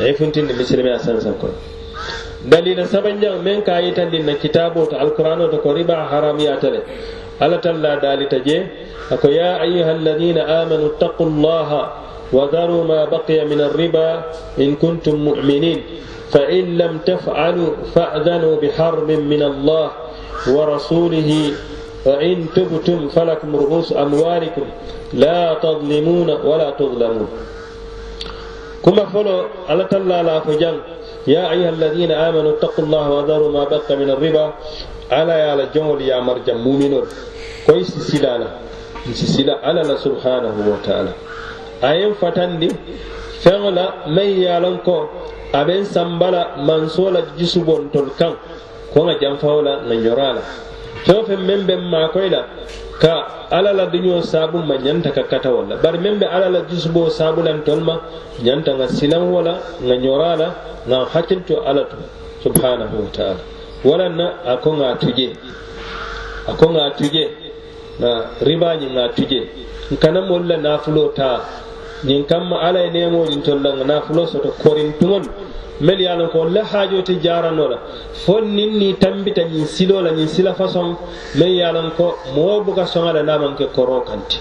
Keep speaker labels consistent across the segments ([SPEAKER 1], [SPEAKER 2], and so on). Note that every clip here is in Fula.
[SPEAKER 1] ay funtindi asan san ko dalila sabanjaŋ men ka yitan din na kitabo ta alqur'ano to ko riba haramiyata le ala talla dalita je ko ya ayyuhal ladina amanu taqullaha wa daru ma baqiya min alriba in kuntum muminin فإن لم تفعلوا فأذنوا بحرب من الله ورسوله وإن تبتم فلكم رؤوس أموالكم لا تظلمون ولا تظلمون كما فلو على تلا لا فجل يا أيها الذين آمنوا اتقوا الله وذروا ما بقي من الربا على يا لجول يا مرجم مؤمنون كويس سلانا سلا على سبحانه وتعالى أين فتندي فعلا من يالنكو أبين سنبلا منصولة جسبون تلكم كما جنفولا نجرالا فوفن من بما كويلا ka ala la duñoo saabu ma ñanta ka kata wala bari meŋ be ala la jusuboo saabu lantol ma ñanta ŋa silaŋ wo la ŋa ñora la ŋa hakkil to ala to subhanahu wa taala walanna a ko ŋa tuje a ko ŋa tuje na ribaa ñiŋ ŋa tuje nkana moolu la naafuloo taa ñiŋ kaŋ ma ala ye neŋoñin tol la ŋa naafuloo soto korintuŋolu mel ye lonko le haajoti jaranoo la fo nin ni tambita ñiŋ siloo la ñiŋ sila fasoŋ meŋ ye lonko moo buka soŋa la naŋ maŋ ke koroo kanti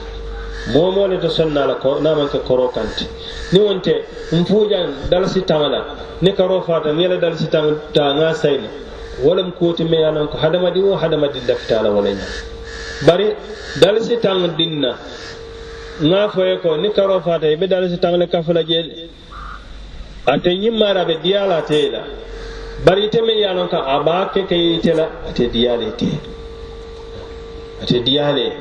[SPEAKER 1] moo moo le to sonna la naŋ maŋ ke koroo kanti niŋ wonte nfuujaŋ dalasi taŋa la ni karoo faata niŋ ye la dalasi taŋ taa ŋa sayi na wo lem kuuti meŋ ye lonko hadamadiŋ wo hadamadiŋ lafitaa la wo le ña bari dalasi taŋ diŋ na ŋa fo ye ko ni karoo faata i be dalasi taŋ le kafu la jee ante yimmara ɓe diyala teyla bari ite men yalon kam aɓa keke yitela ate diyale te ate diyale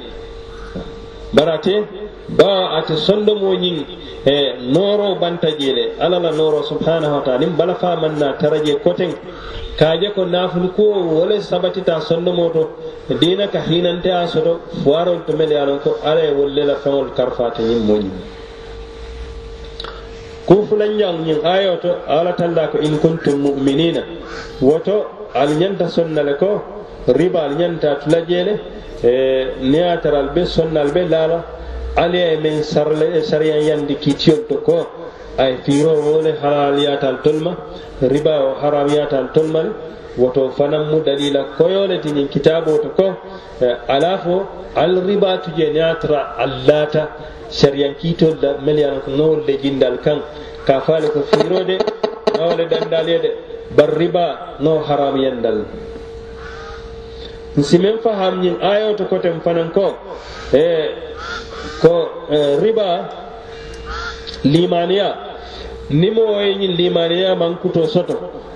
[SPEAKER 1] bara te ba ate sondomoñin e noro banta jele alala noro subhanahu wa taala nin bala famanna taraje koten kaje ko nafulkuo wole sabatita sondomo to dina ka hinante a soto foarol to men yalon ko ala e wollela feŋol karfate yimmoñin ku fulan yang nyin to ala ko in kuntum mu'minina woto al nyanta sonnale ko riba al nyanta tulajele e ne ataral be sonnal be laala ali ay men sarle e sariya yandi kiitiyol to ko ay fiiro wone halal yatal ton ma riba o haram yatal ton ma woto fanan mu dalila koyole ti nin kitabo to ko eh, ala fo al riba tuje natra allata sariyan kiitol da melyan ko nowol de jindal kan ka faale ko fiiro de nowole dandal yede bar riba no haram yandal simen faham nin ayo to koten fanan ko e eh, ko e, riba limaniya nimo woyñi limaniya man kuto soto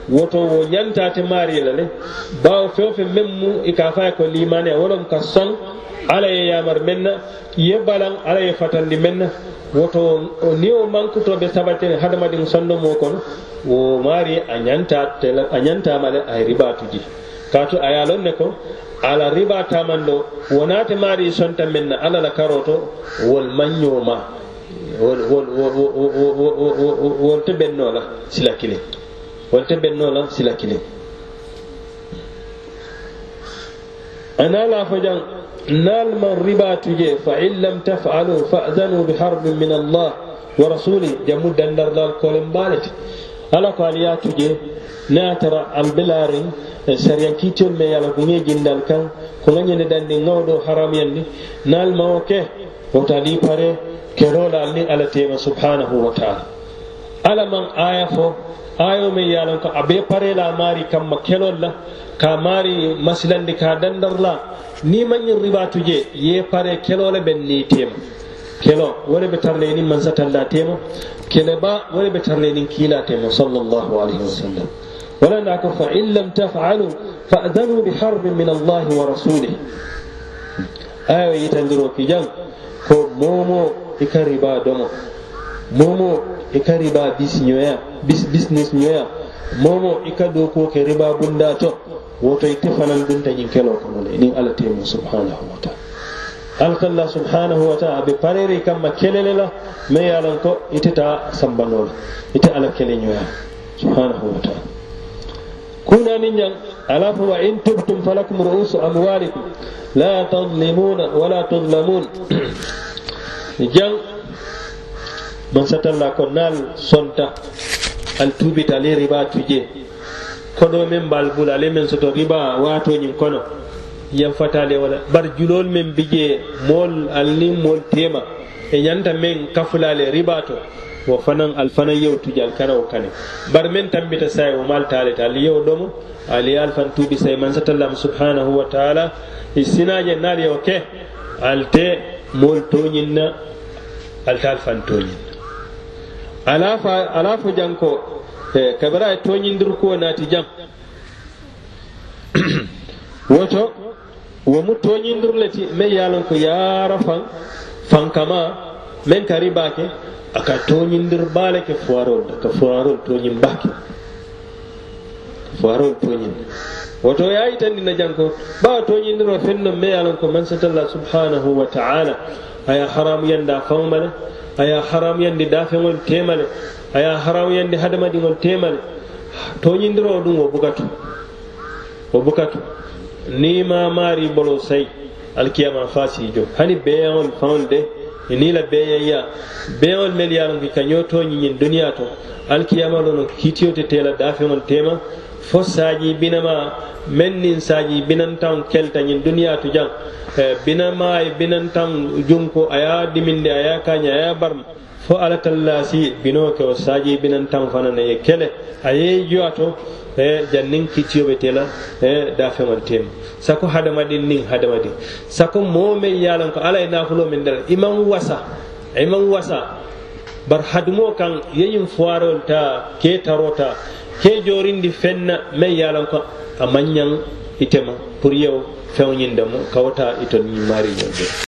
[SPEAKER 1] woto wo ñantate maariyla le bawo fewfe men mu i e ka faya ko limaniya wolon ka son ala ye yamar men na ye balan ala ye fatandi men na woto ni o mankutoɓe sabatene hadamadin sonno mo kono wo maari a ñantatela a ñantama le ay ribatu di kaatu a ye ne ko ala riba taman do wonate maari sonta men na ala la karoto wol mañoma wol te benno la sila kiliŋ wol te benno la sila kiliŋ ana la fo jaŋ naal man riba tuje fa in lam tafalu bi biharbin min allah wa rasuli jamu dandarlal kolen baaleti ala ko aliya tuje naatara albelaariŋ Eh, sariya kiitol me ala kuñe jindal kan ko ŋañene dandi ŋawɗo haramyanni naalma o ke wota li pare kerolal ni ala tema subhanahu wa taala ala man aya fo ayo men yalan ko abe parela mari kamma kelol la ka mari masilandi ka dandarla ni mañin ribatuje ye pare kelole ɓen ni tema kelo wore ɓe tarleni mansatalla tema kele ba wore ɓe tarlenin kiila tema sallallahu alayhi wa sallam ولناك فإن لم تفعلوا فأذنوا بحرب من الله ورسوله آية يتندروا في جنب فمومو إكاربا دومو momo i ka riba bisiɲɔya business ɲɔya momo i ka do ko ke riba bundatɔ woto ite fanan dunta ñin kelo kono le ni ala temu subhanahu wa taala alkalla subhanahu wa taala be pareri kamma kelele la me yalan ko ite ta sambanola ite ala kele ɲoya subhanahu wa taala كنا نين ألاف وإن تبتم فلكم رؤوس أموالكم لا تظلمون ولا تظلمون جن من ستن لا كنال سنتا التوبيت علي ربا تجي كنو من بالبول علي من ستو ربا واتو نين كنو ين فتالي ولا بر جلول من بيجي مول اللي مول تيما ين من كفلالي رباتو wo fanaŋ ali fanaŋ yewo tu jankarawo kane bari meŋ tambita saye wo maalu taale ta ali yewo domo ali ye ali faŋ tuubi saye mansatallamu subhanahu wa taala i sinaje naali yewo ke ali te moolu toñiŋ na ali te ali faŋ toñiŋ na ala fa ala fo janko kabira ye toñindiri kuwo naati jaŋ woto wo mu toñindiri ti meŋ ye ko yaara faŋ faŋ kama men kari bake aka toñindir baale ke foirol ka foirol toñin bake foirol toñin woto yayitandi na janko ɓawa toñindiro fenno me yalan ko mansatalla subhanahu wa taala aya haramu yanda fawmale aya haramu yandi dafeŋol temale aya haramu yandi hadamadiŋol temale toñindiro ɗum o bugatu o bugatu ni ma maari bolo sayi alkiyama fasi jo hani beyaŋol faŋol de enila beyeya beol mel yaroge kañotoñiñin duniya to alkiyama lono kitiyote tela dafeon tema fo saji binama men nin saji binantan keltañin duniya to jang eh, binama e binantan junko aya diminde aya kaña aya barma fo ala tallasi bino ke saji binan tan fana na ye kele a ye jowato e jannin be tela e dafeŋol tema sako hadamadin nin hadamadin sako momme yalan ko ala nafulo min dal iman wasa iman wasa bar hadmo kan yeyin foirol ta ke tarota ke jorindi fenna me yalan ko a itema pour yew fewnyindamo kawta itoni mari